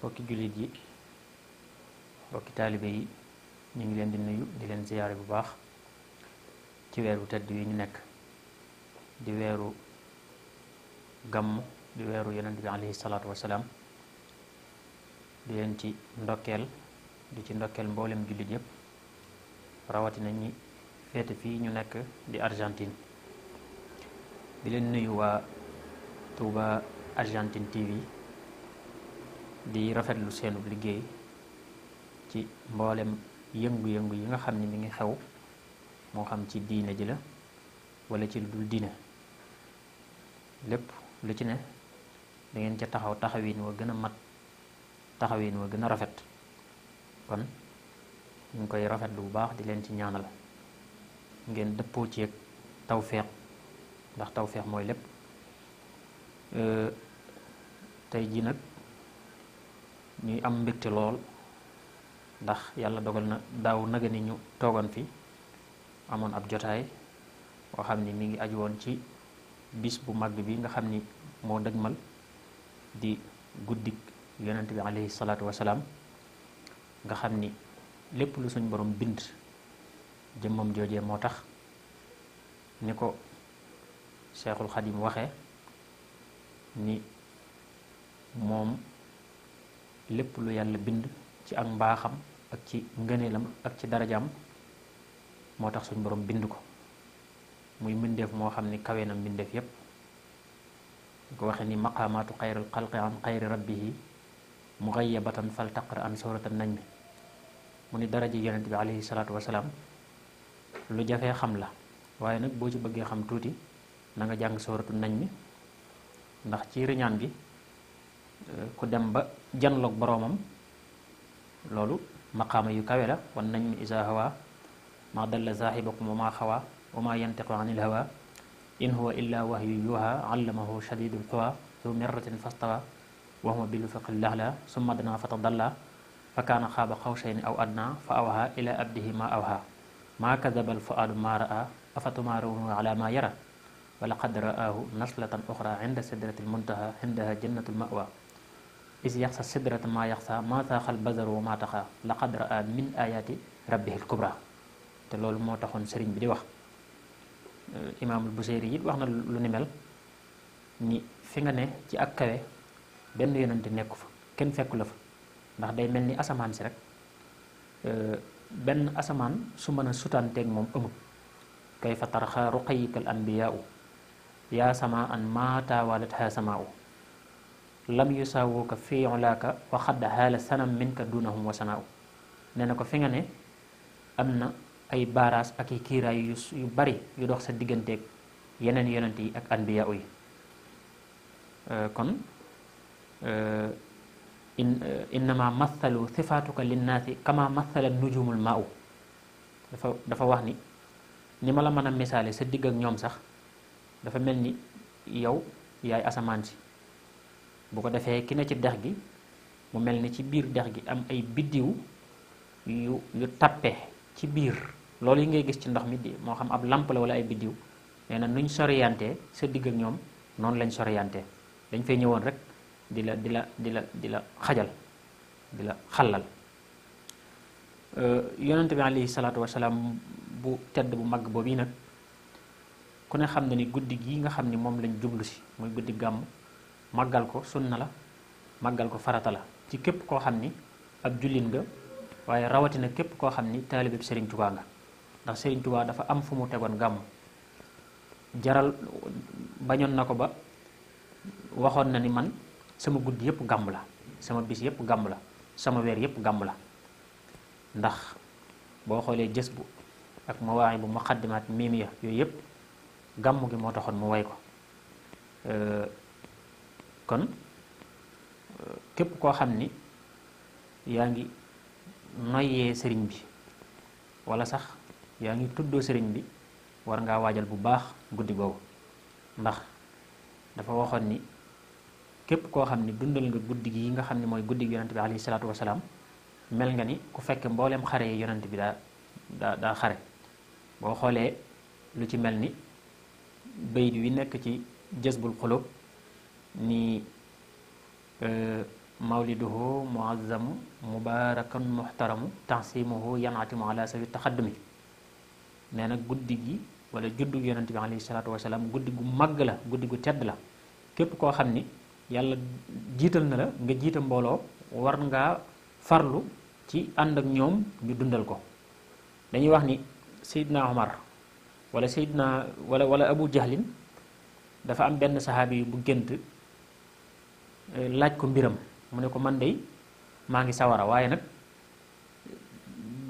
bokki jullit yi bokki taalibe yi ñu ngi leen di nuyu di leen ziyaare bu baax ci weeru tedd yi ñu nekk di weeru gàmm di weeru yonent bi alayhi salaatu wasalaam di leen ci ndokkeel di ci ndokkeel mboolem jullit yépp rawatina ñi féete fii ñu nekk di Argentine di leen nuyu waa Touba Argentine TV di lu seenu liggéey ci mboolem yëngu-yëngu yi nga xam ne mi ngi xew moo xam ci diine ji la walla ci lu dul diine lépp lu ci ne da ngeen ca taxaw taxawin wa gën a mat taxawin wa gën a rafet kon ñu ngi koy rafetlu bu baax di leen ci ñaanal ngeen dëppoo ci ak tawféex ndax tawféex mooy lépp tey ji nag ñuy am mbégte lool ndax yàlla dogal na daaw naga ni ñu toogoon fi amoon ab jotaay boo xam ni mu ngi aju woon ci bis bu mag bi nga xam ni moo dëgmal di guddik yonent bi alayhi salaatu nga xam ni lépp lu suñ borom bind jëmmam joojee moo tax ni ko Seexul Xadim waxe ni moom lépp lu yàlla bind ci ak mbaaxam ak ci ngëneelam ak ci darajaam moo tax suñ boroom bind ko muy mbindeef moo xam ni kawe na mbindeef yépp ñu ko waxee ni maqaamaatu xayril xalqi an xayri rabbihi mugayyabatan fal taqra an nañ najmi mu ni daraja yonent bi alayhi salaatu wasalaam lu jafee xam la waaye nag boo ci bëggee xam tuuti na nga jàng suratu najmi ndax ci riñaan bi ku dem ba janloog boroomam loolu maqaama yu kawe la wan nañ mi isa hawa ma dalla saaxibakum wa ma xawa wa ma yantiqu an il hawa in huwa illa waxyu yuha allamahu shadidul quwa zu mirratin fastawa wa huwa bil ufuqi al-a'la summa danaa fatadalla fa kaana xaaba xawsayni aw adnaa fa awhaa ilaa abdihi maa awhaa maa kadaba al-fuaadu maa ra'aa afatumaaruunahu alaa maa yaraa wa laqad ra'aahu naslatan uxraa inda sidratil muntahaa indahaa jannatul ma'waa is yaxsa sidrata maa yaxsa maa saaxal basaru wa maa taxa laqad min ayaati rabbihil kubra te loolu moo taxoon sëriñ bi di wax imaamul Buseyri it wax na lu ni mel ni fi nga ne ci ak kawe benn yonante nekku fa kenn fekku la fa ndax day mel ni asamaan si rek euh, benn asamaan su mën a sutanteeg moom amul kay fa tarxaa ruqayikal anbiyaau yaa sama an maa taawalat haa u lam yusawuka fi ulaaka wa xadd haala sanam minka dunahum wa sanaaw nee na ko fi nga ne am na ay baaraas ak i kiiraay yu yu bari yu dox sa digganteeg yeneen yonent yi ak anbiya yi euh, kon euh, euh, innama mathalu sifaatuka linnaasi kama mathala nujumul maau dafa dafa wax ni ni ma la mën a misaale sa digg ak ñoom sax dafa mel ni yow yaay asamaan si bu ko defee ki ne ci dex gi mu mel ni ci biir dex gi am ay biddiw yu yu tappe ci biir loolu yi ngay gis ci ndox mi di moo xam ab làmp la wala ay biddiw nee na nuñ soriyantee sa digg ak ñoom noonu lañ soriyantee dañ fay ñëwoon rek di la di la di la di la xajal di la xallal euh, yonente bi alayhi salaatu wasalaam bu tedd bu mag boobu yi nag ku ne xam ne ni guddi gi nga xam ni moom lañ jublu si muy guddi gàmm maggal ko sunna la màggal ko farata la ci képp koo xam ni ab jullin nga waaye rawatina képp koo xam ni taalibeb Serigne Touba nga ndax Serigne Touba dafa am fu mu tegoon gàmmu jaral bañoon na ko ba waxoon na ni man sama guddi yëpp gàmm la sama bis yëpp gàmm la sama weer yëpp gàmm la ndax boo xoolee jës bu ak mawaayi bu muqaddimaat miimiya yooyu yëpp gàmm gi moo taxoon mu way ko kon képp koo xam ni yaa ngi noyyee sëriñ bi wala sax yaa ngi tuddoo sëriñ bi war ngaa waajal bu baax guddi googu ndax dafa waxoon ni képp koo xam ni dundal nga guddi gi nga xam ni mooy guddi gi yonent bi alayhi salaatu wasalaam mel nga ni ku fekk mbooleem xare yi yonent bi daa daa xare boo xoolee lu ci mel ni bayit wi nekk ci jësbul xulóob ni euh, mawliduhu muazzamu mubarakan muhtaramu tansimuhu yanatimu ala sawi taxaddumi nee na guddi gi wala juddu yonent bi alayhi salaatu wasalaam guddi gu màgg la guddi gu tedd la képp koo xam ni yàlla jiital na la nga jiita mbooloo war ngaa farlu ci ànd ak ñoom ñu dundal ko dañuy wax ni Seydina Omar wala Seydina wala wala Abu Jahlin dafa am benn saxaabi bu gént laaj ko mbiram mu ne ko man dey maa ngi sawara waaye nag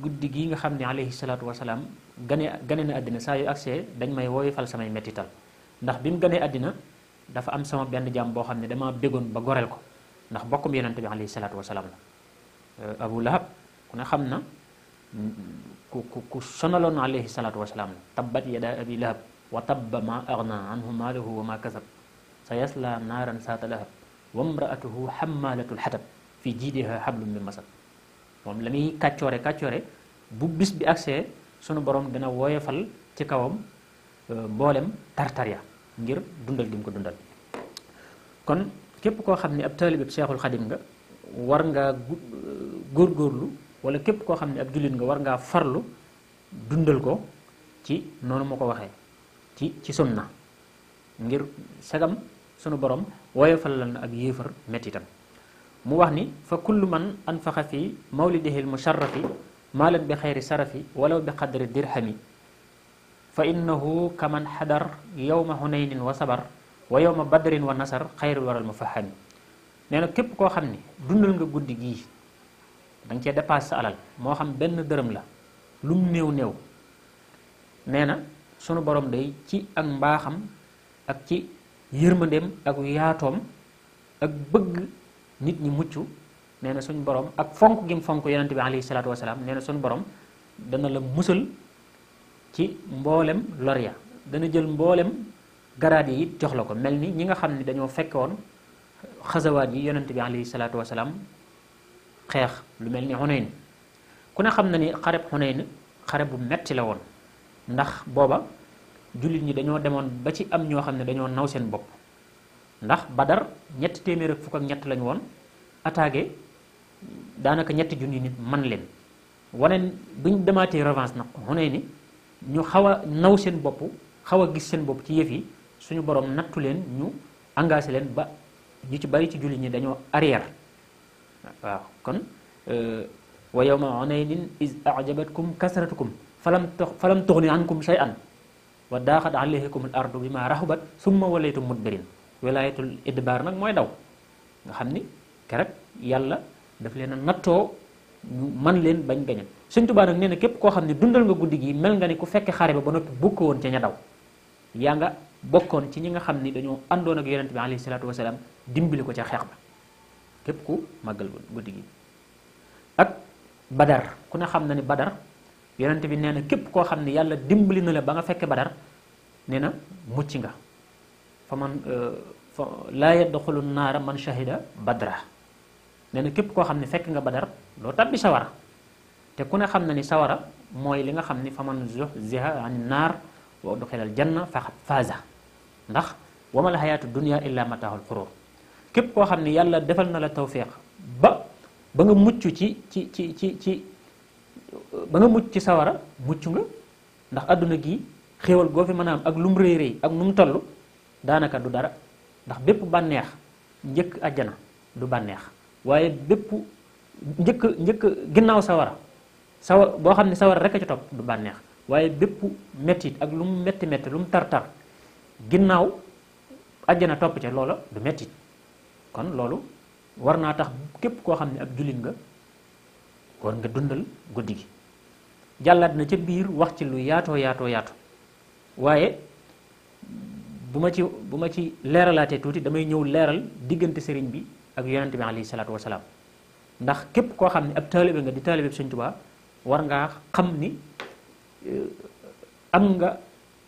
guddi gi nga xam ne alayhi salaatu wasalaam gane gane na àddina saa yu agsee dañ may woyofal samay mettital ndax bi mu ganee àddina dafa am sama benn jàmm boo xam ne dama béggoon ba goreel ko ndax bokkum yonent bi alayhi salaatu wasalaam la euh, abu lahab ku ne xam na ku ku ku sonaloon alayhi salaatu wasalaam la tabbat yadaa abi lahab wa tabba ma agna anhu maaluhu wa ma kasab sa yasla naaran saata lahab wa mraatuhu xammaalatul xatab fi jiidiha xablum min masad moom la muy kàccoore kàccoore bu bis bi agsee sunu borom dana woyefal ci kawam euh, mboolem tartarya ngir dundal gi mu ko dundal kon képp koo xam ne ab taalibeb Seexul Xadim nga war ngaa euh, góorgóorlu wala képp koo xam ne ab jullit nga war ngaa farlu dundal ko ci noonu ma ko waxee ci ci sunna ngir sagam sunu borom woyofalal na ak yéefar mettitam mu wax ni fa kullu man anfaxa fi mawlidihil musharrafi maalan bi xayri sarafi walaw bi qadri dirhami fa innahu kaman xadar yowma hunaynin wa sabar wa ma badrin wa nasar xayrul waral mufahami nee na képp koo xam ni dundal nga guddi gii danga cee dépassé sa alal moo xam benn dërëm la lum néew néew nee sunu borom day ci ak mbaaxam ak ci yërmandeem ak yaatoom ak bëgg nit ñi mucc nee na suñ boroom ak fonk gi fonk yonente bi alayhi salaatu wasalaam nee na suñ borom dana la musal ci mboolem loria dana jël mboolem garaad yi it jox la ko mel ni ñi nga xam ni dañoo fekkewoon woon xasawaat yi yonente bi alayhi salaatu wasalaam xeex lu mel ni xuneyn ku ne xam na ni xareb xuneyn xare bu metti la woon ndax booba jullit ñi dañoo demoon ba ci am ñoo xam ne dañoo naw seen bopp ndax badar ñetti téeméer ak fukk ak ñett lañ woon attaqué daanaka ñetti junni nit man leen wane buñ demaatee revanche nag xunee ni ñu xaw a naw seen bopp xaw a gis seen bopp ci yëf yi suñu borom nattu leen ñu engagé leen ba ñu ci bari ci jullit ñi dañoo arrière waaw kon euh, wa yawma hunaynin iz a'jabatkum kasratukum falam falam tughni ankum shay'an wa daaxat alaykum al ardu bima rahubat summa walaytum mudbirin wilaayatul idbaar nag mooy daw nga xam ni keroog yàlla daf leen a nattoo man leen bañ gañe Sëñ Tuubaa nag nee képp koo xam ne dundal nga guddi gi mel nga ni ku fekke xare ba ba noppi bokk woon ca ña daw yaa nga bokkoon ci ñi nga xam ni dañoo àndoon ak yonent bi alayhi salaatu wasalaam dimbali ko ca xeex ba képp ku màggal guddi gi ak badar ku ne xam na ni badar yonent bi nee na képp koo xam ne yàlla dimbali na la ba nga fekke badar nee na mucc nga fa man euh, fa laa yadxulu naara man shahida badra nee na képp koo xam ne fekk nga badar loo tabbi sawara te ku ne xam na ni sawara mooy li nga xam ni fa man zuhziha ani naar wa udxilal janna fa faaza ndax wa mal hayaatu dunya illa mataahul xuruur képp koo xam ne yàlla defal na la tawfiq ba ba nga mucc ci ci ci ci ba nga mucc ci sawara mucc nga ndax àdduna gi xéewal goo fi mën a am ak lu mu rëy ak nu mu toll daanaka du dara ndax bépp bànneex njëkk àjjana du bànneex waaye bépp njëkk njëkk ginnaaw sawara sawa boo xam ne sawara rek a ci topp du bànneex waaye bépp mettit ak lu metti metti lu mu tar-tar ginnaaw àjjana topp ca loola du mettit kon loolu war naa tax képp koo xam ne ak jullit nga kon nga dundal guddi gi jàllaat na ca biir wax ci lu yaatoo yaatoo yaatu waaye bu ma ci bu ma ci leeralaatee tuuti damay ñëw leeral diggante sëriñ bi ak yonente bi alayhi salaatu wasalaam ndax képp koo xam ne ab taalibe nga di taalibe bi Sëriñ war ngaa xam ni euh, am nga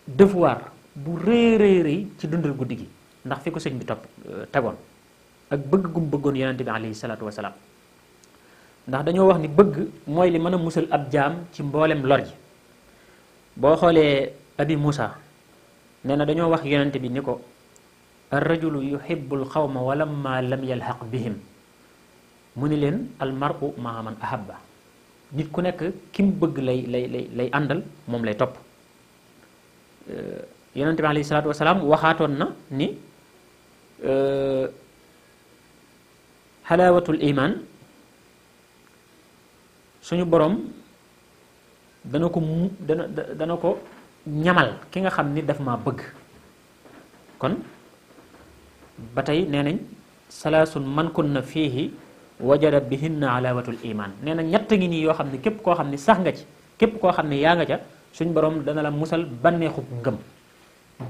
devoir bu rëy rëy ci dundal guddi gi ndax fi ko sëñ bi topp euh, tegoon ak bëgg gum bëggoon yonente bi alayhi salaatu wasalaam ndax dañoo wax ni bëgg mooy li mën a musal ab jaam ci mboolem lor ji boo xoolee abi Moussa nee na dañoo wax yonent bi ni ko ar rajulu yuhibbul xawma walamma lam yalhaq bihim mu ni leen al mar'u maa man ahabba nit ku nekk ki bëgg lay lay lay lay àndal moom lay topp yonent bi alayhi salaatu wasalaam waxaatoon na ni xalaawatul iman suñu boroom dana ko mu dana ko ñamal ki nga xam ni daf ma bëgg kon ba tey nee nañ salaasun man na kunna bi wajada bihinna alawatul imaan nee na ñett ngi nii yoo xam ne képp koo xam ni sax nga ci képp koo xam ne yaa nga ca suñu borom dana la musal bànneexub ngëm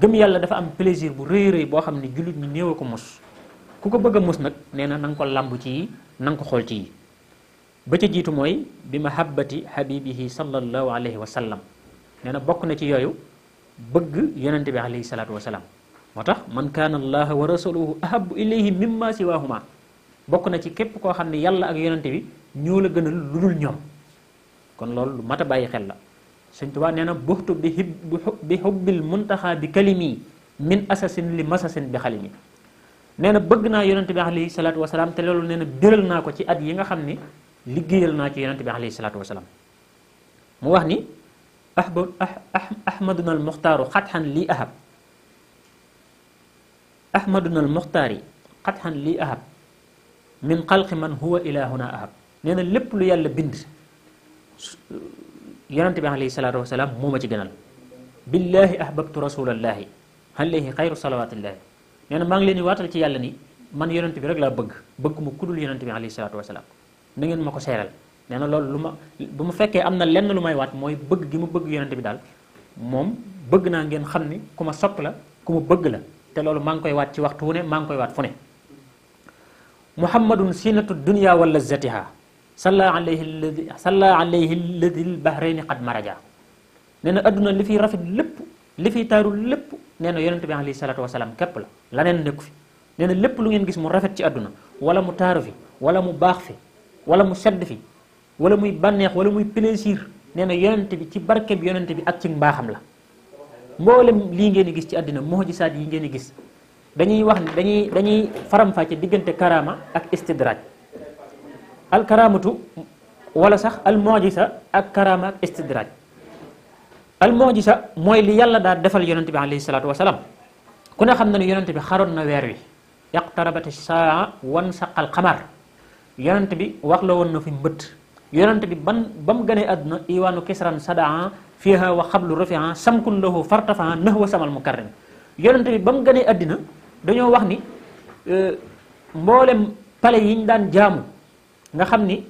gëm yàlla dafa am plaisir bu rëy rëy boo xam ne jullit ñi néew ko mos ku ko bëgg a mos nag nee na nanga ko làmb ci yi na ko xool ci yi ba jiitu mooy bi mahabbati habibihi sallallahu alayhi wa sallam nee na bokk na ci yooyu bëgg yonente bi alayhi salaatu wa salaam moo tax man kaana allaha wa rasuluhu ahabu ilayhi mimma siwahuma bokk na ci képp koo xam ne yàlla ak yonente bi ñoo la gënal lu dul ñoom kon loolu lu mat a bàyyi xel la Sëñ Tuubaa nee na buxtu bi hib bi hubbil muntaxaa bi kalimi min asasin li masasin bi xalimi nee na bëgg naa yonente bi alayhi salaatu wa salaam te loolu nee naa ko ci at yi nga xam ni liggéeyal naa ci yonent bi alayhi salaatu wasalaam mu wax ni ahba ah, ah, ahmaduna al muxtaaru xatxan lii ahab ahmaduna al muxtaari xatxan lii ahab min xalqi man huwa ilaahuna ahab nee na lépp lu yàlla bind yonent bi alayhi salaatu wasalaam moo ma ci gënal billaahi ahbabtu rasulallaahi alayhi xayru salawaatillaahi nee na maa ngi leen di waatal ci yàlla ni man yonent bi rek laa bëgg bëgg mu kudul yonent bi alayhi salaatu wasalaam na ngeen ma ko seeral nee na loolu lu ma bu mu fekkee am na lenn lu may waat mooy bëgg gi ma bëgg yonente bi daal moom bëgg naa ngeen xam ni ku ma sopp la ku ma bëgg la te loolu maa ngi koy waat ci waxtu wu ne maa ngi koy waat fu ne muhammadun sinatu dunia wa lazatiha salla alayhi alladi salla alayhi alladi lbahrayni qad maraja nee na adduna li fiy rafet lépp li fiy taaru lépp nee na yonente bi alayhi salatu wasalaam képp la laneen nekku fi nee lépp lu ngeen gis mu rafet ci adduna wala mu taaru fi wala mu baax fi wala mu sedd fi wala muy bànneex wala muy plaisir nee na yonente bi ci barke bi yonente bi ak ci mbaaxam la mboolem lii ngeen gis ci àddina mujisaat yi ngeen gis dañuy wax ne dañuy dañuy faram diggante karama ak istidraaj al karamatu wala sax al mujisa ak karama ak istidraaj al mujisa mooy li yàlla daa defal yonente bi alayhi salaatu wasalaam ku ne xam na ne yonente bi xaroon na weer wi yaqtarabat saa wan saqal xamar yonent bi wax la woon na fi mbëtt yonent bi ban ba mu gënee àdduna iwaanu kisran sadaa fiha wa xablu rafia samkun lahu fartafaa nax wa samal mukarrim yonent bi ba mu gënee àddina dañoo wax ni euh, mboolem pale yi ñu daan jaamu nga xam ni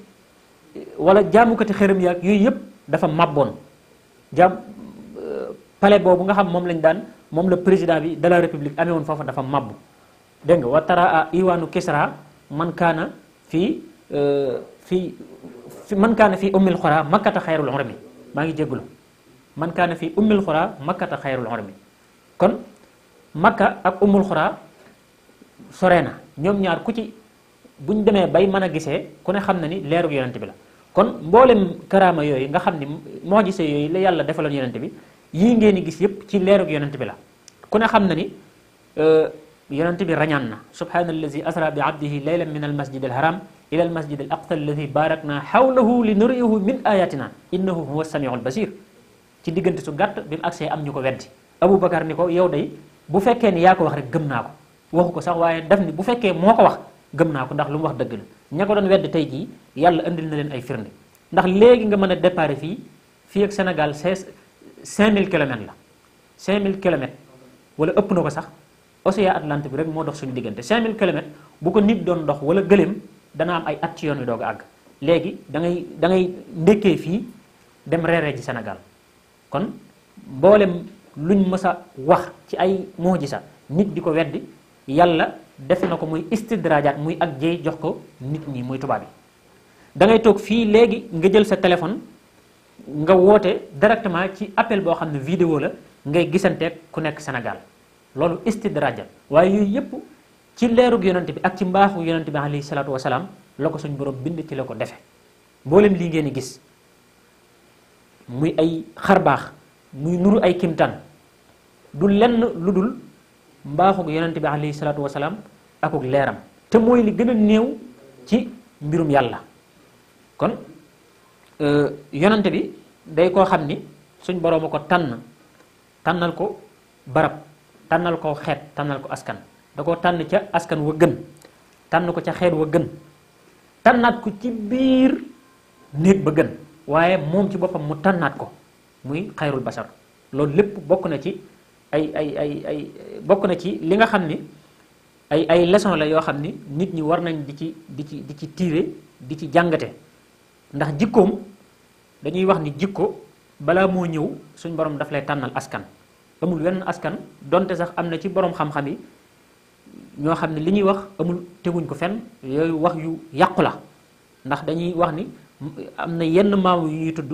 wala jaamukati xërëm yaag yooyu yëpp dafa mabboon jaam euh, pale boobu nga xam moom lañ daan moom la président bi de la république amee woon foofa dafa mabbu dégg nga iwaanu kisra man kaana fii euh, fii fi man kaana fii ummil xuraa makkata xayrul urami maa ngi jégalu man kaa kaana fii ummil xuraa makkata xayrul urami kon makka ak ummul xuraa sore na ñoom ñaar ku ci buñ demee bay mën a gisee ku ne xam na ni leerug yonent bi la kon mboolem karaama yooyu nga xam ni moo gisee yooyu la yàlla defaloon yonent bi yii ngeen di gis yépp ci leerug yonent bi la ku ne xam na ni euh, yonent bi rañaan na subhaana allazi asra bi abdihi laylan min almasjid alharam ila almasjid alaqsa allazi barakna hawlahu li nuriyahu min ayatina innahu huwa samiu albasir ci diggante su gàtt bi mu agsee am ñu ko weddi abou bakar ni ko yow day bu fekkee ni yaa ko wax rek gëm naa ko waxu ko sax waaye daf ni bu fekkee moo ko wax gëm naa ko ndax lu mu wax dëgg la ña ko doon weddi tey jii yàlla indil na leen ay firnde ndax léegi nga mën a déparé fii fii ak Sénégal 5000 kilomètres la 5000 kilomètres wala ëpp na ko sax océan Atlantique bi rek moo dox suñu diggante 5000 kilomètres bu ko nit doon dox wala gëléem dana am ay at ci yoon wi doog a àgg léegi da ngay da ngay ndékkee fii dem reeree ji Sénégal kon mboolem luñ mës a wax ci ay mujisa nit di ko weddi yàlla def na ko muy istidrajaat muy ak jéy jox ko nit ñi muy tubaab yi da ngay toog fii léegi nga jël sa téléphone nga woote directement ci appel boo xam ne vidéo la ngay gisanteeg ku nekk Sénégal loolu istidraja waaye yooyu yëpp ci leerug yonent bi ak ci mbaaxu yonent bi alayhi salaatu wasalaam la ko suñ borom bind ci la ko defe mboolem lii ngeen gis muy ay xarbaax muy nuru ay kimtaan du lenn lu dul mbaaxug yonent bi alayhi salaatu wasalaam akuk leeram te mooy li gën a néew ci mbirum yàlla kon euh, yonent bi day koo xam ni suñ borooma ko tànn tànnal ko barab tànnal ko xeet tànnal ko askan da koo tànn ca askan wa gën tànn ko ca xeet wa gën tànnaat ko ci biir néeg ba gën waaye moom ci boppam mu tànnaat ko muy xayrul basar loolu lépp bokk na ci ay ay ay bokk na ci li nga xam ni ay ay leçon la yoo xam ni nit ñi war nañ di ci di ci di ci tiire di ci jàngate ndax jikkoom dañuy wax ni jikko balaa moo ñëw suñ borom daf lay tànnal askan amul wenn askan donte sax am na ci borom xam-xam yi ñoo xam ne li ñuy wax amul teguñ ko fen yooyu wax yu yàqu la ndax dañuy wax ni am na yenn maamu yu ñuy tudd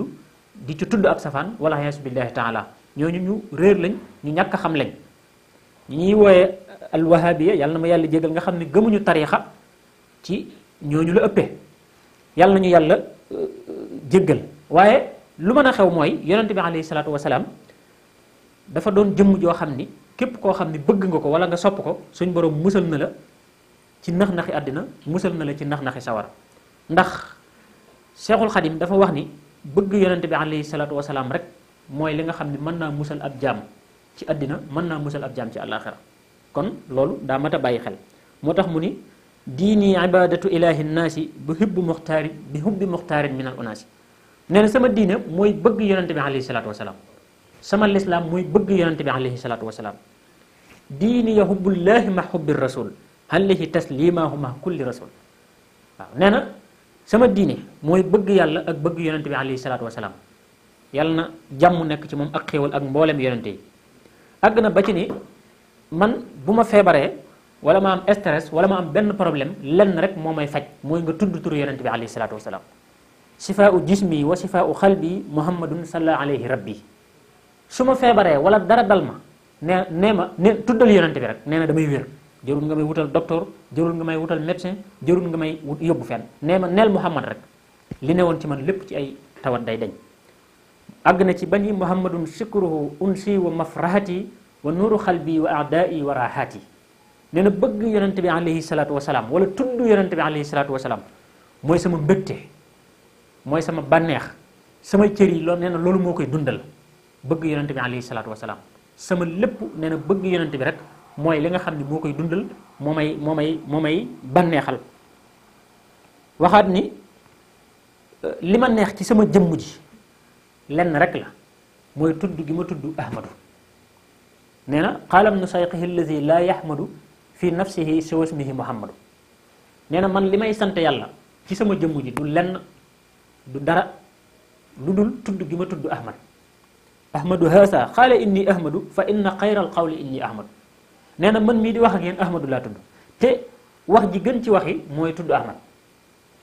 di ci tudd ab safaan wala yaasu billahi taala ñooñu ñu réer lañ ñu ñàkk xam lañ ñi ñuy wooyee alwahabiya yàlla na ma yàlla jégal nga xam ne gëmuñu tariixa ci ñooñu la ëppee yàlla nañu yàlla euh, jéggal waaye lu mën a xew mooy yonente bi alayhi salaatu wasalaam dafa doon jëmm joo xam ni képp koo xam ni bëgg nga ko wala nga sopp ko suñ borom musal na la ci nax-naxi àddina musal na la ci nax-naxi sawara ndax seexul xadim dafa wax ni bëgg yonente bi alayhi salaatu wasalaam rek mooy li nga xam ni mën naa musal ab jaam ci àddina mën naa musal ab jaam ci kon loolu daa mat bàyyi xel moo tax mu ni diini ibadatu ilahi naasi bu hubbi muxtaari bi hubbi muxtaarin min al unaasi nee na sama diine mooy bëgg yonente bi alayhi salaatu wasalaam sama lislaam mooy bëgg yonente bi alayhi salaatu wasalaam diini ya hubbullaahi ma hubbi rasul alayhi tasliimaahu ma kulli rasul waaw nee na sama diine mooy bëgg yàlla ak bëgg yonente bi alayhi salaatu wasalaam yàlla na jàmm nekk ci moom ak xéewal ak mboolem yonente yi àgg na ba ci ni man bu ma feebaree wala ma am stress wala ma am benn problème lenn rek moo may faj mooy nga tudd turu yonente bi alayhi salaatu wasalaam sifaau jismi wa sifaau xalbi muhammadun salla alayhi rabbi su ma feebaree wala dara dal ma nee nee ma ne tuddal yonent bi rek nee na damay wér jërul nga may wutal docteur jërul nga may wutal médecin jërul nga may wut yóbbu fen nee ma neel Muhammad rek li ne woon ci man lépp ci ay tawat day dañ àgg na ci bani muhammadun sikruhu unsi wa mafrahati wa nuuru xalbi wa aadaa'i wa rahaati nee na bëgg yonent bi alayhi salaatu salaam wala tudd yonent bi alayhi salaatu wasalaam mooy sama mbégte mooy sama bànneex sama cër loo nee na loolu moo koy dundal bëgg yonent bi alayhi salaatu sama lépp nee na bëgg yonent bi rek mooy li nga xam ne moo koy dundal moo may moo may moo banneexal waxaat ni euh, li ma neex ci sama jëmm ji lenn rek la mooy tudd gi ma tudd ahmadu nee na xaalam nu sayqihi allazi laa yahmadu fi nafsihi siwa ismihi muhammadu nee na man li may sant yàlla ci sama jëmm ji du lenn du dara lu dul tudd gi ma tudd ahmad ahmadu haasa xaala inni ahmadu fa inna xayral qawli inni ahmadu nee na man mii di wax ak yéen ahmadu laa tudd te wax ji gën ci waxi mooy tudd ahmad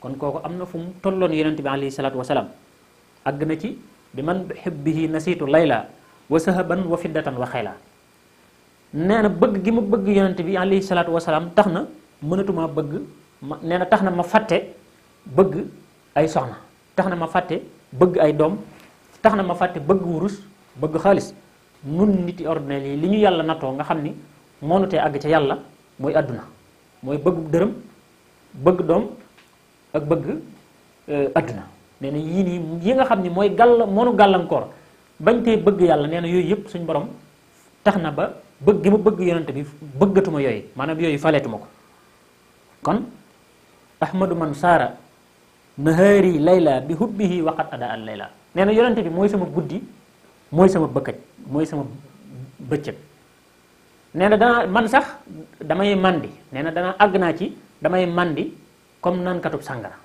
kon kooku am na fu mu tolloon yonente bi alayhi salaatu wasalaam àgg na ci bi man xibbihi nasiitu layla wa sahaban wa fiddatan wa xayla nee na bëgg gi ma bëgg yonente bi alayhi salaatu wasalaam tax na mënatumaa bëgg ma nee na tax na ma fàtte bëgg ay soxna tax na ma fàtte bëgg ay doom tax na ma fàtte bëgg wurus bëgg xaalis nun nit yi ordinaire yi li ñu yàlla nattoo nga xam ni moo te àgg ca yàlla mooy àdduna mooy bëggu dërëm bëgg doom ak bëgg e, àdduna nee na yii nii yi nga xam ni mooy gàll moonu gàllankoor bañ tee bëgg yàlla nee na yooyu yëpp suñ borom tax na ba bëgg gi ma bëgg yonante bi bëggatuma yooyu maanaam yooyu faleetuma ko kon ahmadu man saara nahaari layla bi hubbihi waqat ada al layla nee na yonante bi mooy sama guddi mooy sama bëkkëj mooy sama bëccëg nee na dana man sax damay màndi nee na dana àgg naa ci damay màndi comme naankatub sàngara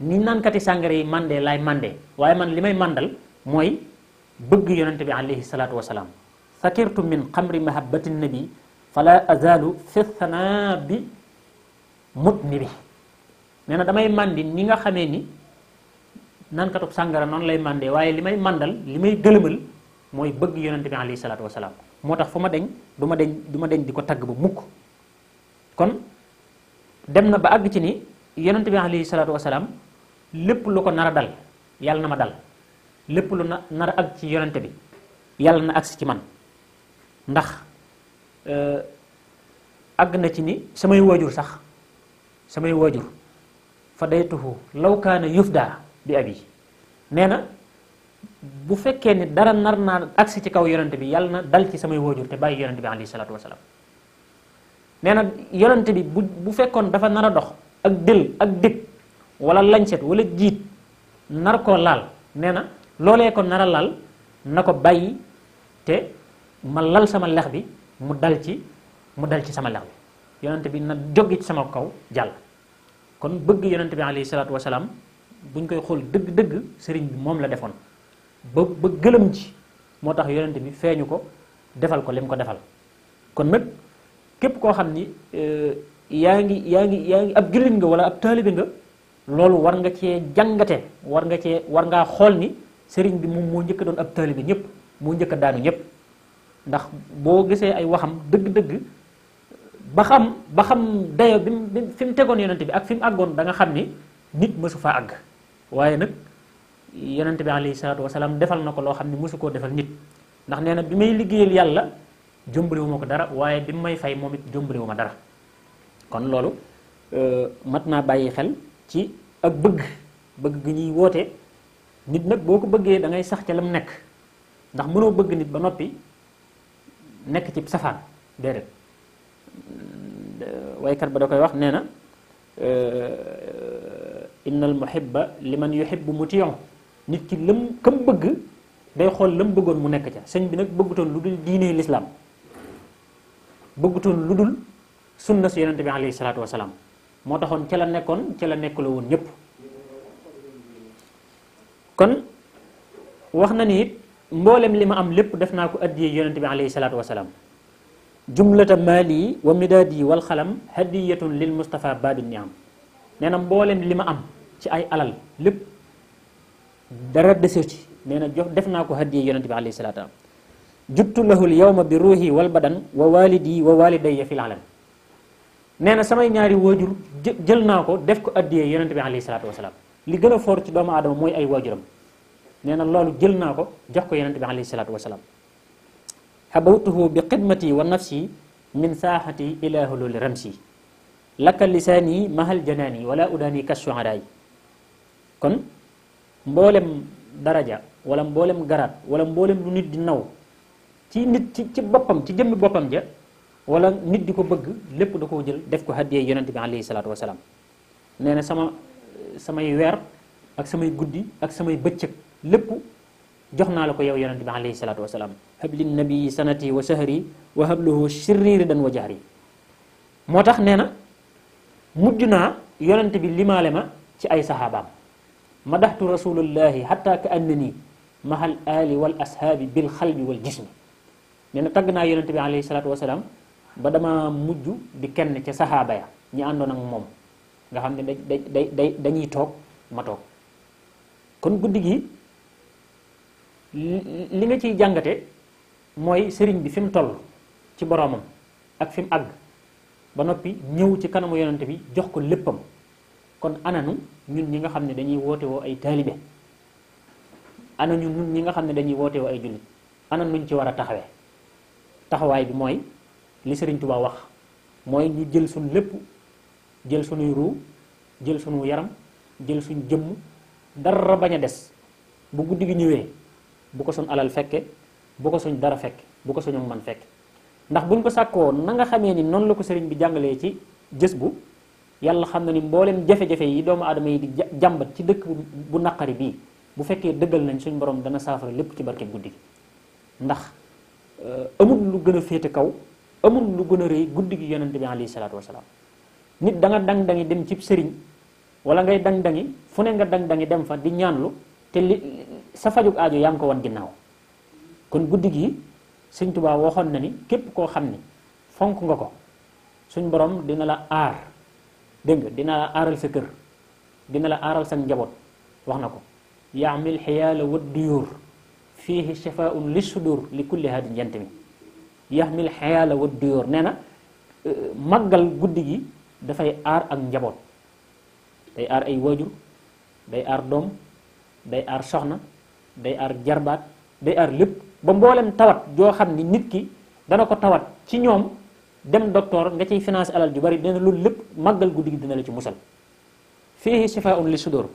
ni naankati sàngara yi màndee laay màndee waaye man li may màndal mooy bëgg yonente bi alayhi salaatu wasalaam sakirtu min xamri mahabbati nabi fala azalu fi sanaa bi mut ni bi nee na damay màndi ni nga xamee ni naankatub sàngara noonu lay màndee waaye li may màndal li may gëlëmal mooy bëgg yonente bi alayhi salaatu wasalaam moo tax fu ma deñ duma ma deñ deñ di ko tagg ba mukk kon dem na ba àgg ci ni yonente bi alayhi salaatu wasalaam lépp lu ko nar a dal yàlla na ma dal lépp lu na nar a àgg ci yonente bi yàlla na agsi ci man ndax euh, àgg na ci ni samay waajur sax samay waajur fa daytuhu law kaana yufda bi abi nee na bu fekkee ni dara nar naa agsi ci kaw yonent bi yàlla na dal ci samay waajur te bàyyi yonent bi alayhi salaatu wasalaam nee na yonent bi bu bu fekkoon dafa nar a dox ak dël ak dëkk walla lancet walla jiit nar koo laal nee na loolee ko nar a laal na ko bàyyi te ma lal sama lex bi mu dal ci mu dal ci sama lex bi yonent bi na jóge ci sama kaw jàll kon bëgg yonent bi alayhi salaatu wasalaam buñ koy xool dëgg-dëgg sëriñ bi moom la defoon ba ba gëlëm ci moo tax yonent bi feeñu ko defal ko lim ko defal kon nag képp koo xam ni eh, yaa ngi yaa ngi yaa ngi ab jullit nga wala ab taalibe nga loolu war nga cee jàngate war nga cee war ngaa xool ni sëriñ bi moom moo njëkk doon ab taalibe ñëpp moo njëkk daanu ñëpp ndax boo gisee ay waxam dëgg-dëgg ba xam ba xam dayo bi mu fi mu tegoon yonent bi ak fi mu àggoon da nga xam ni nit mësu faa àgg waaye nag yonent bi alayhi salaam wasalaam defal na ko loo xam ne mosu koo defal nit ndax nee na bi may liggéeyal yàlla jëmbaliwu ko dara waaye bi mu may fay moom it jëmbaliwu ma dara kon loolu euh, mat naa bàyyi xel ci ak bëgg bëgg gi ñuy woote nit nag boo ko bëggee da ngay sax ca mu nekk ndax mënoo bëgg nit ba noppi nekk ci safaan déedéet euh, waykat ba da koy wax nee na euh, innal muhibba liman yuhibbu mutiyon nit ki lam kam bëgg day xool lam bëggoon mu nekk ca sëñ bi nag bëggutoon lu dul diine lislaam bëggutoon lu dul sunna su yonente bi alayhi salaatu wasalaam moo taxoon ca la nekkoon ca la nekkuloo woon ñëpp kon wax na ni it mboolem li ma am lépp def naa ko addiyee yonente bi alayhi salaatu wasalaam jumlata maali wa midaadi wal xalam hadiyatun lil Mustafa baadi niam nee na mboolem li ma am ci ay alal lépp dara desew ci nee na jox def naa ko hadiya yonente bi alayhi salaatu wa juttu lahul yawma bi ruuhi wal badan wa walidi wa walidayya fil alam nee na samay ñaari waajur jël naa ko def ko addiyee yonente bi alayhi salaatu wasalaam li gën a foor ci doomu aadama mooy ay waajuram nee na loolu jël naa ko jox ko yonente bi alayhi salaatu wasalaam habawtuhu bi xidmati wa nafsi min saaxati ilaahulul ramsi lakka lisaani mahal janaani wala udaani kas shuadaa yi kon mboolem daraja wala mboolem garaat wala mboolem lu nit di naw ci nit ci boppam ci jëmmi boppam ja wala nit di ko bëgg lépp da koo jël def ko haddiyee yonent bi alayhi salaatu wasalaam nee na sama samay weer ak samay guddi ak samay bëccëg lépp jox naa la ko yow yonent bi alayhi salaatu wasalaam habli nabi sanati wa sahri wa habluhu shirriiri dan wa jahri moo tax nee na mujj naa yonent bi limaale ma ci ay saxaabaam madaxtu rasulullahi xataa ka annani mahal ali wal ashaabi bil xalbi wal jismi nee na tagg naa yonente bi alayhi salaatu wasalaam ba dama mujj di kenn ca saxaaba ya ñi àndoon ak moom nga xam ne da da dañuy toog ma toog kon guddi gi li nga ciy jàngate mooy sëriñ bi fi mu toll ci boroomam ak fi àgg ba noppi ñëw ci kanamu yonente bi jox ko léppam kon ananu ñun ñi nga xam ne dañuy woote woo ay taalibe ananu ñun ñi nga xam ne dañuy woote woo ay jullit ananu ñu ci war a taxawee taxawaay bi mooy li Sëriñ Tuubaa wax mooy ñu jël suñ lépp jël suñuy ruu jël suñu yaram jël suñ jëmm dara bañ a des bu guddi gi ñëwee bu ko suñ alal fekke bu ko suñ dara fekk bu ko suñu man fekk ndax buñ ko sàkkoo na nga xamee ni noonu la ko sëriñ bi jàngalee ci jës bu yàlla xam na ni mbooleem jafe-jafe yi doomu aadama yi di jàmbat ci dëkk bu naqari bii bu fekkee dëggal nañ suñ boroom dana saafara lépp ci barke guddi gi ndax euh, amul lu gën a féete kaw amul lu gën a rëy guddi gi yonente bi alayhi salaatu wasalaam nit da nga dang-dangi dem cib sëriñ wala ngay dang-dangi fu ne nga dang-dangi dem fa di ñaan lu te li sa fajug aajo yaa ngi ko wan ginnaaw kon guddi gi sëñ Tuubaa waxoon na ni képp koo xam ni fonk nga ko suñ borom dina aar dégg nga dina la aaral sa kër dina la aaral sa njaboot wax na ko yaamil xiyaala wa duyuur fiihi shifaun li sudur li kulli haadin jant mi yaamil xiyaala wa duyuur nee na euh, maggal guddi gi dafay aar ak njaboot day aar ay waajur day aar doom day aar soxna day aar jarbaat day aar lépp ba mboolem tawat joo xam ni nit ki dana ko tawat ci ñoom dem docteur nga ciy financé alal ju bari dina loolu lépp màggal guddi gi dina la ci musal fii shifaa'un li sudur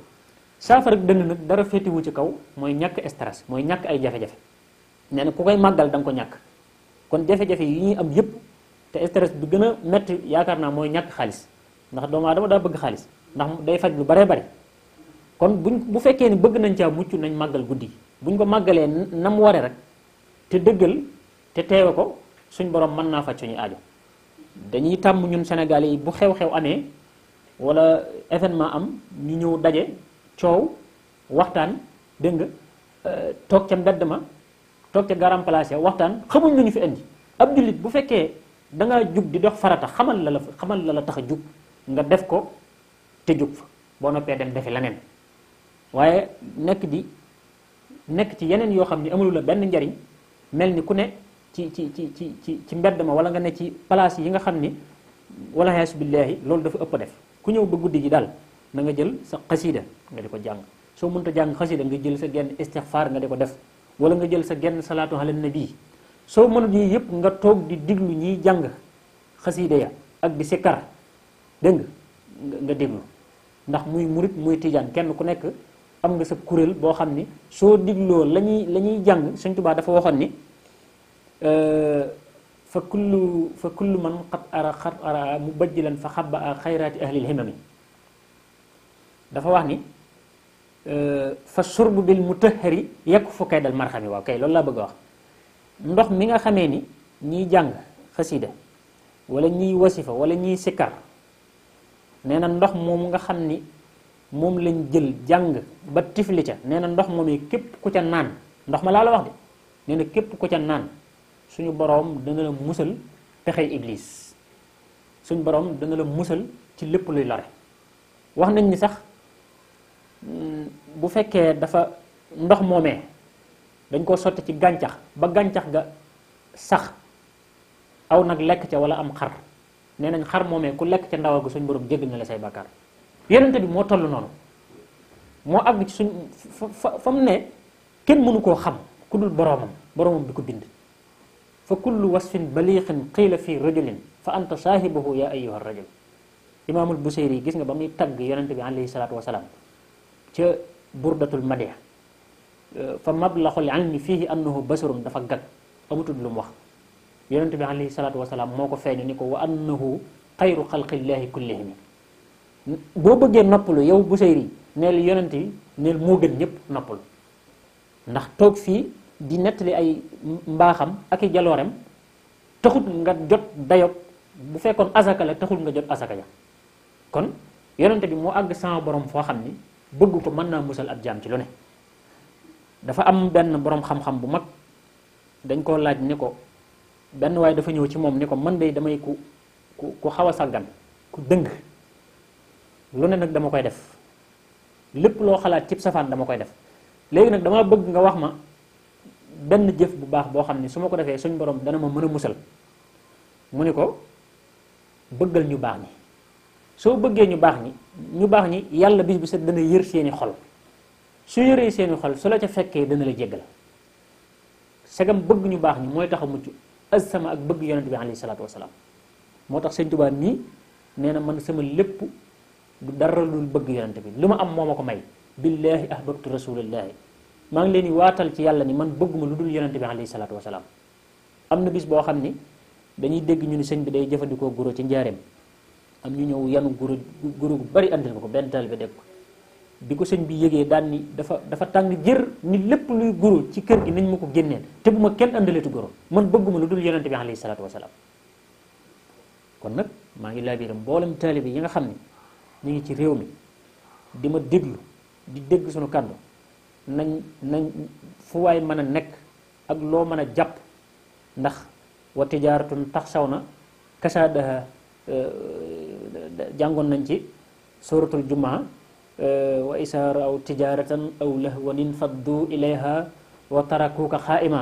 saafara dënn nag dara féetiwu ci kaw mooy ñàkk stress mooy ñàkk ay jafe-jafe nee ku koy màggal da ko ñàkk kon jafe-jafe yi ñuy am yépp te stress bu gën a metti yaakaar naa mooy ñàkk xaalis ndax doomu aadama daa bëgg xaalis ndax day faj lu baree bari kon buñ bu fekkee ni bëgg nañ caa mucc nañ màggal guddi bu buñ ko màggalee na mu waree rek te dëggal te teewe ko suñ borom mën naa faj suñu aajo dañuy tàmm ñun Sénégalais yi bu xew-xew amee wala événement am ñu ñëw daje coow waxtaan dégg nga euh, toog ca mbedd ma toog ca garam place waxtaan xamuñ lu ñu fi indi ab jullit bu fekkee da ngaa jug di dox farata xamal la la xamal la la tax a jug nga def ko te jug fa boo noppee dem defi leneen waaye nekk di nekk ci yeneen yoo xam ne amulu la benn njariñ mel ni ku ne. ci ci ci ci ci ci mbedd ma wala nga ne ci place yi nga xam ni wala xeesu billaahi loolu dafa ëpp def ku ñëw ba guddi gi daal na nga jël sa xasida nga di ko jàng soo mënta jàng xasida nga jël sa genn istixfaar nga di ko def wala nga jël sa genn salaatu ala nabi soo mënut yi yëpp nga toog di diglu ñiy jàng xasida ya ak di sikkar dégg nga nga déglu ndax muy murit muy tijaan kenn ku nekk am nga sa kuréel boo xam ni soo digloo la ñuy la ñuy jàng suñ Tuubaa dafa waxoon ni fa kullu fa kullu man xat ara xat ara mu bajjilan fa xabba a xayraati ahlil himami dafa wax ni e, fa surbu bil mutahari yekku fu dal marxami waaw kay loolu laa bëgg a wax ndox mi nga xamee ni ñiy jàng xasida walla ñiy wasifa wala ñiy sikkar nee na ndox moomu nga xam ni moom lañ jël jàng ba tifli ca nee na ndox moomee képp ku ca naan ndox ma laa la wax de nee képp ku ca naan suñu boroom dana la musal pexey iblis suñu boroom dana la musal ci lépp luy lore wax nañ ni sax mm, bu fekkee dafa ndox moomee dañ koo sotti ci gàncax ba gàncax ga sax aw nag lekk ca wala am xar nee nañ xar moomee ku lekk ca ndawal ga suñu boroom jéggal na la say bàkkaar yonent bi moo toll noonu moo àgg ci suñ fa fa mu ne kenn mënu koo xam ku dul boroomam boroomam bi ko bind fa kullu wasfin baliixin qiila fi rajulin fa anta saahibuhu yaa ayyuha rajul imaamul buseyri gis nga ba muy tagg yonente bi alayhi salaatu wasalaam ca burdatul madia fa mablaxul ilmi fiihi annahu basarun dafa gag amutud lu mu wax yonente bi alayhi salaatu moo ko feeñu ni ko wa annahu xayru xalqillaahi kullihim boo bëggee noppalu yow buseyri neel yonente yi neel moo gën ñëpp noppalu ndax toog fii di nettali ay mbaaxam ak i jalooreem taxul nga jot dayob bu fekkoon asaka la taxul nga jot asaka ya kon yonente bi moo àgg sama borom foo xam ni bëgg ko mën naa musal ab jaam ci lu ne dafa am benn borom xam-xam bu mag dañ koo laaj ni ko benn waaye dafa ñëw ci moom ni ko man de damay ku ku ku xaw a sàggan ku dëng lu ne nag dama koy def lépp loo xalaat cib safaan dama koy def léegi nag dama bëgg nga wax ma benn jëf bu baax boo xam ne su ma ko defee suñ borom dana ma mën a musal mu ne ko bëggal ñu baax ñi soo bëggee ñu baax ñi ñu baax ñi yàlla bi bi set dana yër seeni xol su yëree seeni xol su la ca fekkee dana la jéggal segam bëgg ñu baax ñi mooy tax a mucc as sama ak bëgg yonent bi alayhi salaatu wasalaam moo tax sëñ Tuubaa nii nee na man sama lépp du dara lu bëgg yonent bi lu ma am moo ma ko may billaahi ahbabtu rasulillahi maa ngi leen di waatal ci yàlla ni man bëgguma lu dul yonente bi alayhi salaatu am na bis boo xam ni dañuy dégg ñu ni sëñ bi day jëfandikoo guro ci mi am ñu ñëw yanu guro guro gu bari andil ko ko benn taalibe dégg ko bi ko sëñ bi yëgee daan ni dafa dafa tàng jër ni lépp luy guro ci kër gi nañ ma ko génneel te bu ma kenn andaleetu guro man bëgguma lu dul yonente bi alayhi salaatu wasalaam kon nag maa ngi laabiram mboolem taalibe yi nga xam ne ñu ngi ci réew mi di ma déglu di dégg sunu kàddu nañ nañ fu waay mën a nekk ak loo mën a jàpp ndax wa tax saw na kasaadaha euh, jàngoon nañ ci suratul jumaa euh, wa isaara aw tijaratan aw lahwanin faddu ilayha wa tarakuuka xaa'ima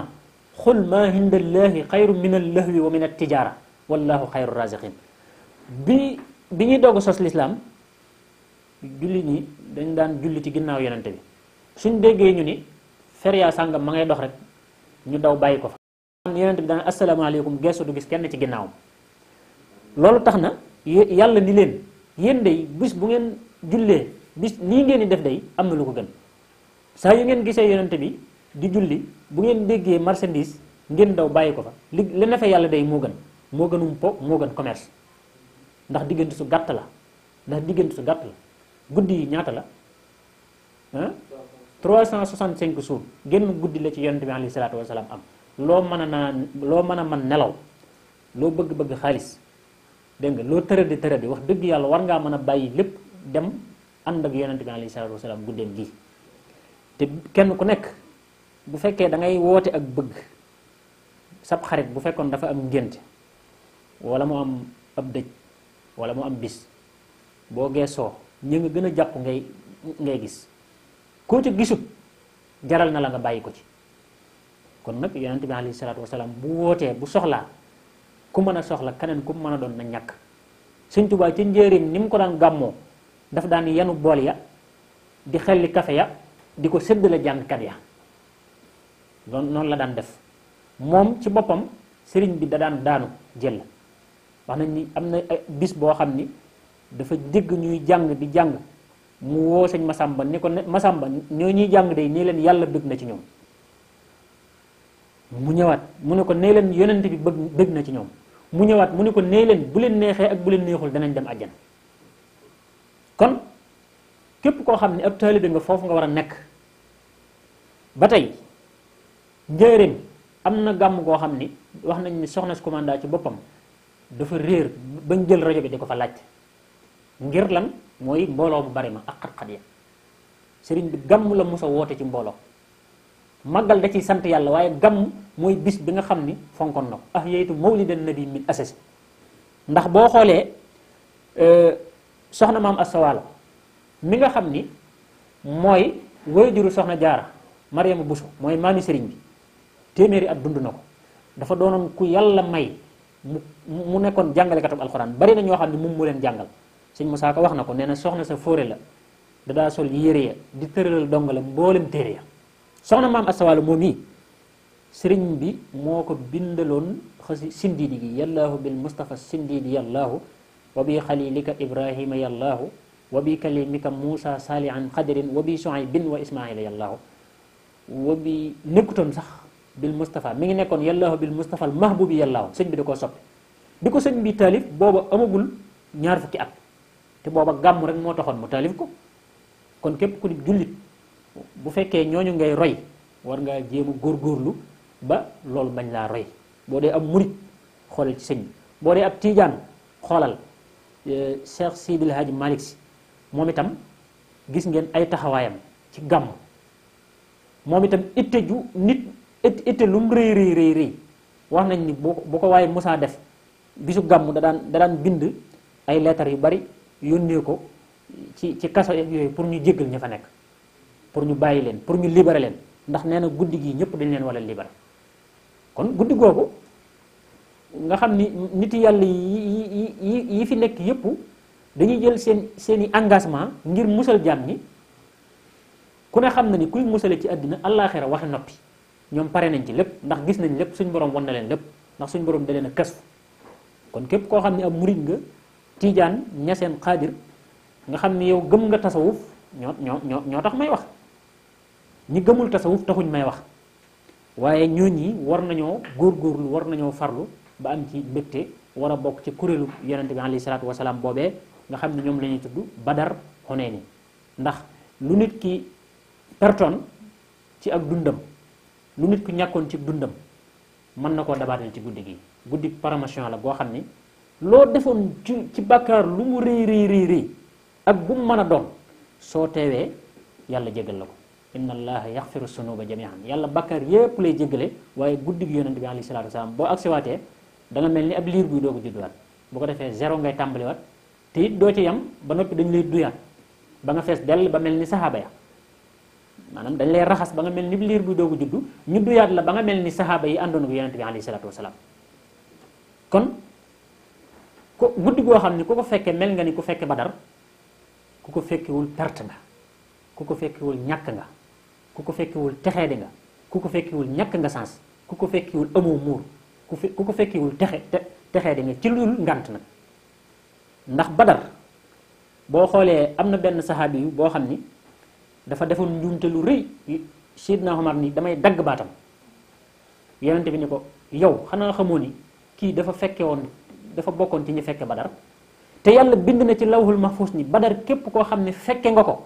xul maa inda llaahi xayru min allahwi wa min attijaara wallahu xayru raziqin bi bi ñuy doog a sos lislaam julli ñi dañ daan julli ci ginnaaw yonente bi suñ déggee ñu ni feria sàngam ma ngay dox rek ñu daw bàyyi ko fa yonent bi daan asalaamaaleykum geesu du gis kenn ci ginnaawam loolu tax na yàlla ni leen yéen day bis bu ngeen jullee bis nii ngeen di def day am na lu ko gën saa yu ngeen gisee yonent bi di julli bu ngeen déggee marchandise ngeen daw bàyyi ko fa li li fa yàlla dey moo gën moo gënum po moo gën commerce ndax diggante su gàtt la ndax diggante su gàtt la guddi yi ñaata la 365 jours génn guddi la ci yonent bi alayhi salaatu wasalaam am loo mën a naan loo mën a mën nelaw loo bëgg-bëgg xaalis dégg nga loo tëradi tëradi wax dëgg yàlla war ngaa mën a bàyyi lépp dem ànd ak yonent bi alayhi salaatu wasalaam guddeem gi te kenn ku nekk bu fekkee da ngay woote ak bëgg sab xarit bu fekkoon dafa am ngénte walla mu am ab dëj wala mu am bis boo geesoo ñu nga gën a jàpp ngay ngay gis koo ca gisut jaral na la nga bàyyi ko ci kon nag yonent bi alayhi salaatu wasalaam bu wootee bu soxlaa ku mën a soxla keneen ku mën a doon na ñàkk Sëñ Tuubaa ci njëriñ ni mu ko daan gàmmoo dafa daan yenu bool ya di xelli kafe ya di ko séddale jàngkat ya loolu noonu la daan def moom ci boppam sëriñ bi da daan daanu jël wax nañ ni am na eh, bis boo xam ni dafa dégg ñuy jàng di jàng mu woo sëñ Masamba ni ko Masamba ñoo ñuy jàng day nii leen yàlla bëgg na ci ñoom mu ñëwaat mu ne nee leen yonent bi bëgg bëgg na ci ñoom mu ñëwaat mu ne ko nee leen bu leen neexee ak bu leen neexul danañ dem àjjana kon képp koo xam ne ab taalibe nga foofu nga war a nekk ba tey njëriñ am na gàmm goo xam ni wax nañ ni soxna si ci boppam dafa réer bañ jël rajo bi di ko fa laaj ngir lan mooy mbooloo mu bari ma ak xat-xat ya sëriñ bi gàmm la mos a woote ci mbooloo màggal da ciy sant yàlla waaye gàmm mooy bis bi nga xam ni fonkoon na ko ah yeytu mawlidan nabi min asasi ndax boo xoolee euh, soxna maam asawaalo mi nga xam ni mooy wayjuru soxna jaara mariama buso mooy maami sëriñ bi téeméeri at dund na ko dafa doonoon ku yàlla may mu mu nekkoon jàngalekatam alxuraan bari na ñoo xam ne moom mu leen jàngal sëñ Moussa Ka wax na ko nee na soxna sa fóore la da yére ya di tëralal dong la mboolem téere ya soxna maam astawaalo moom yi sëriñ bi moo ko bindaloon xasi sindiidi gi yallaahu bil mustafa sindiidi yallaahu wa bi xalilika ibrahima yallaahu wa bi kalimika muusa saalihan xadirin wa bi suaybin wa ismaila yallaahu wa bi nekkutoon sax bil mustafa mi ngi nekkoon yallaahu bil mustafa al mahbubi yallaahu sëñ bi da koo soppi bi ko sëñ bi taalif booba ñaar fukki te booba gàmmu rek moo taxoon mu taalif ko kon képp ku jullit bu fekkee ñooñu ngay roy war ngaa jéem a góorlu ba loolu bañ laa roy boo dee am murit xoolal ci sëñ bi boo dee ab tiijaan xoolal eh, Cheikh Sidil Hadji Malick si moom itam gis ngeen ay taxawaayam ci gàmm moom itam itte ju nit itte lu mu rëy rëy rëy rëy wax nañ ni bu ko waaye musaa def bisu gàmm da daan da daan bind ay leetar yu bari yónnee ko ci ci kaso yooyu pour ñu jéggal ña fa nekk pour ñu bàyyi leen pour ñu libéré leen ndax nee na guddi gi ñëpp dañu leen wala libéré kon guddi googu nga xam ni nit yàlla yi yi yi fi nekk yëpp dañuy jël seen seen i engagement ngir musal jaam ñi ku ne xam na ni kuy musale ci àddina àllaaxira waxi noppi ñoom pare nañ ci lépp ndax gis nañ lépp suñ borom wan na leen lépp ndax suñ borom da leen a kas kon képp koo xam ne ab murit nga tiijaan ñaseen xaadir nga xam ni yow gëm nga tasawuf ñoo ñoo ñoo tax may wax ñi gëmul tasawuf taxuñ may wax waaye ñooñi war nañoo góorgóorlu war nañoo farlu ba am ci mbégte war a bokk ci kuréelu yonente bi alayhi salaatu wasalaam boobee nga xam ne ñoom lañuy ñuy tudd badar xonee ni ndax lu nit ki pertoon ci ak dundam lu nit ki ñàkkoon ci dundam mën na koo dabaatal ci guddi gi guddi paramation la goo xam ni loo defoon ci ci bàkkaar lu mu rëy rëy rëy ak bu mu mën a doon soo teewee yàlla jégal la ko inna allaha yaxfiru sunuba jamian yàlla bàkkaar yépp lay jégale waaye guddi gi yonent bi alayhi salaatu wasalaam boo agsiwaatee danga mel ni ab liir buy doog a judduwaat bu ko defee zéro ngay waat te it doo ci yam ba noppi dañu lay duyaat ba nga fees dell ba mel ni saxaaba ya maanaam dañ lay raxas ba nga mel ni liir buy doog a juddu ñu duyaat la ba nga mel ni saxaaba yi àndoon ak yonent bi alayhi salaatu ko guddi goo xam ne ku ko fekkee mel nga ni ku fekkee badar ku ko fekkewul perte nga ku ko fekkewul ñakk nga ku ko fekkewul texeede nga ku ko fekkewul ñàkk nga sans ku ko fekkewul amoo muur ku fe ko fekkewul texe texeede nga ci lu ngant nag ndax badar boo xoolee am na benn saxaabi yu boo xam ni dafa defoon njuumte lu rëy Seydina Omar ni damay dagg baatam yonente bi ni ko yow xanaa xamoo ni kii dafa fekke woon dafa bokkoon ci ñi fekkee badar te yàlla bind na ci lawhul mahfuus ni badar képp koo xam ne fekke nga ko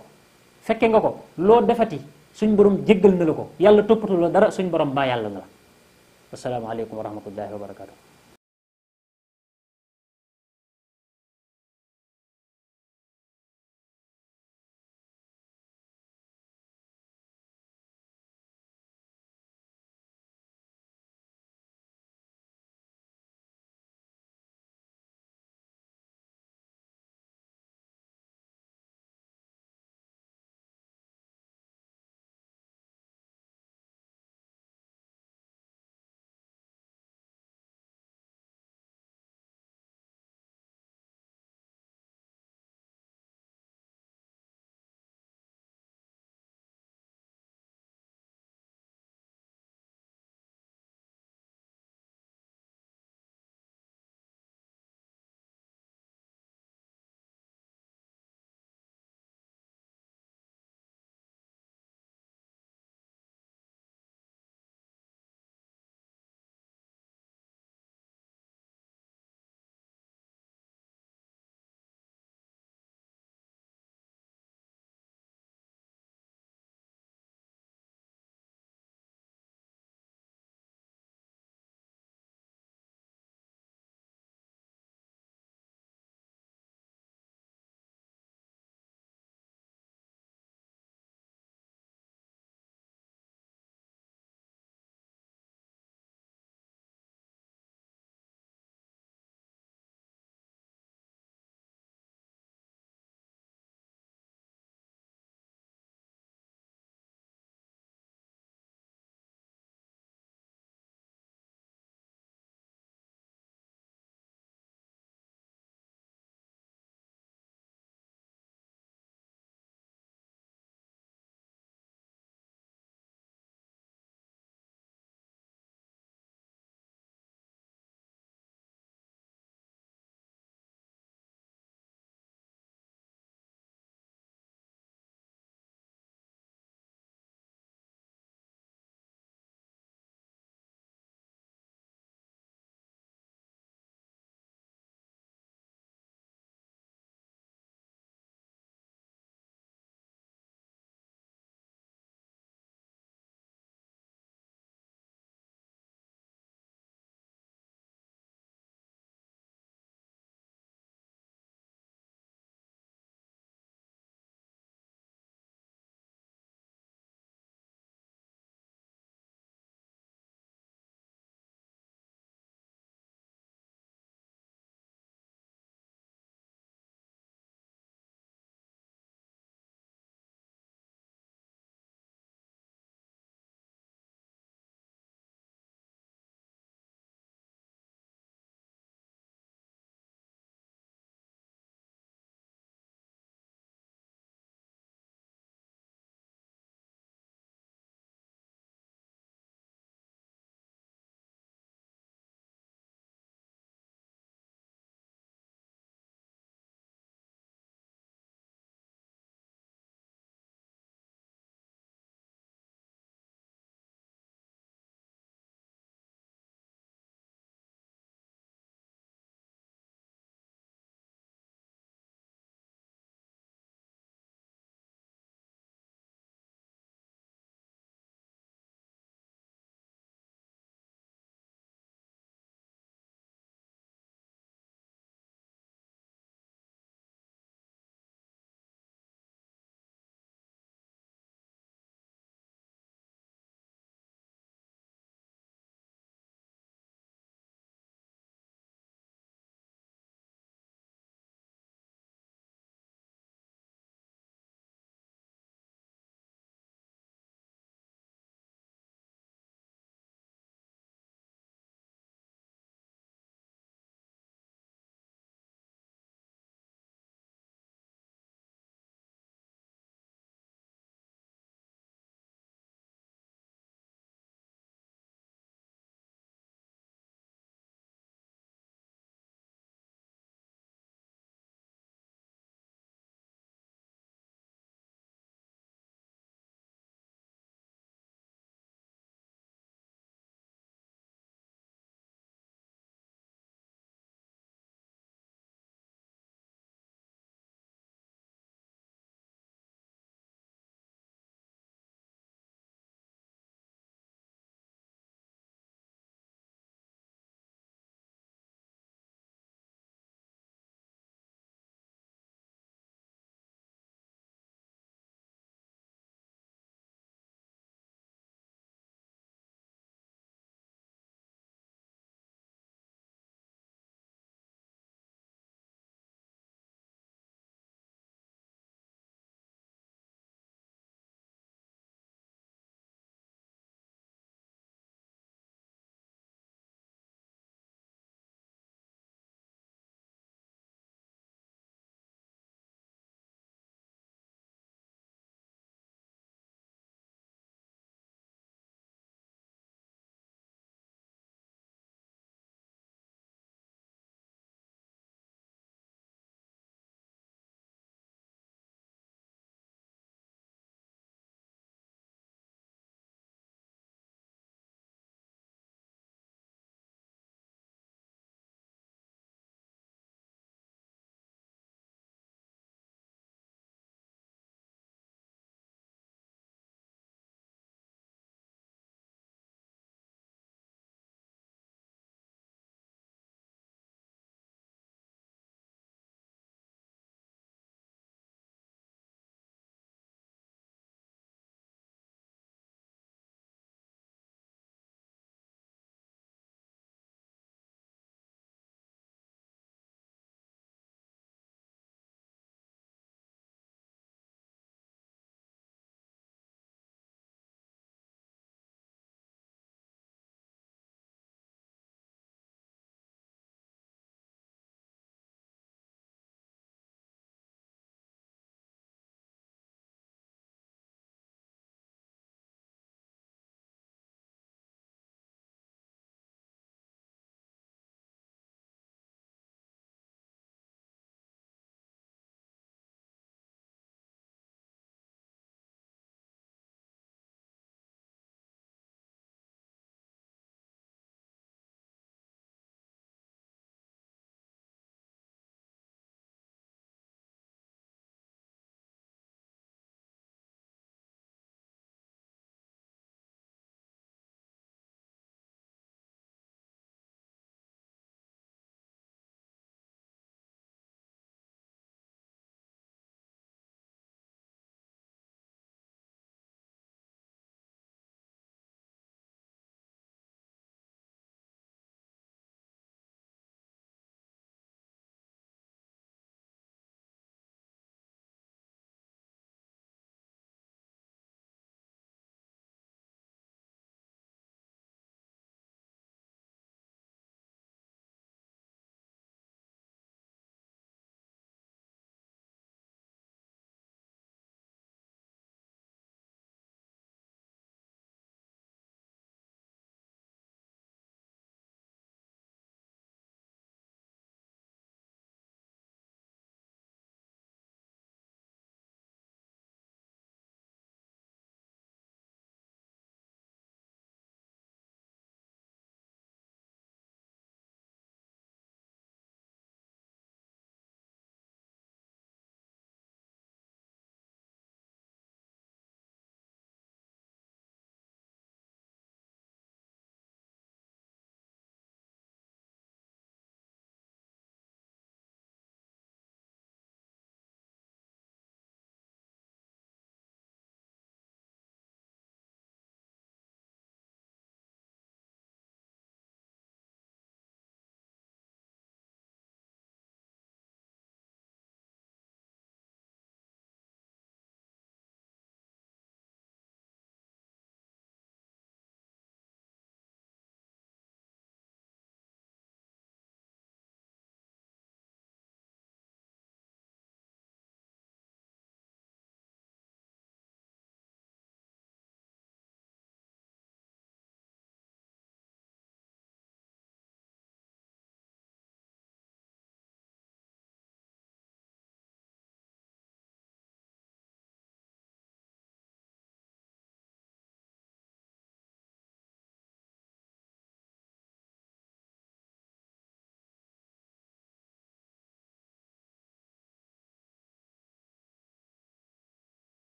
fekkee nga ko loo defati suñ borom jéggal na la ko yàlla toppatoo la dara suñ borom baa yàlla na la asalaamaaleykum wa rahmatullahi wa barakatu